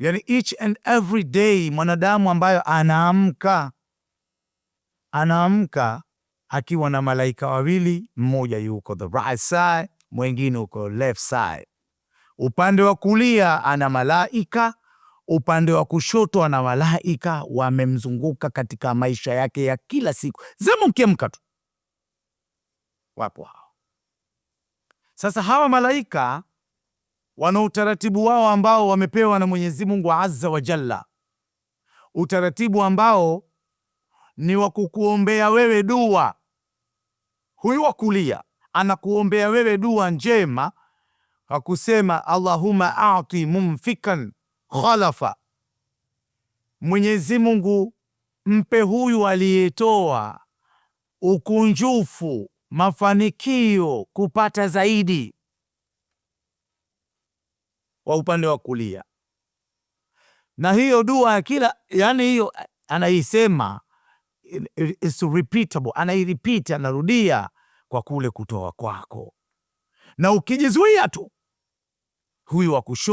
yani each and every day mwanadamu ambayo anaamka anaamka akiwa na malaika wawili, mmoja yuko the right side, mwengine uko left side. Upande wa kulia ana malaika, upande wa kushoto ana malaika wamemzunguka katika maisha yake ya kila siku, zama nkiamka tu wapo hao. Sasa hawa malaika wana utaratibu wao ambao wamepewa na Mwenyezi Mungu Azza wa Jalla, utaratibu ambao ni wa kukuombea wewe dua. Huyu wa kulia anakuombea wewe dua njema kwa kusema Allahumma a'ti mumfikan khalafa, Mwenyezi Mungu mpe huyu aliyetoa ukunjufu, mafanikio, kupata zaidi kwa upande wa kulia. Na hiyo dua ya kila yani, hiyo eh, anaisema eh, eh, is repeatable, anairepeat, anarudia kwa kule kutoa kwako, na ukijizuia tu huyu wa kushoto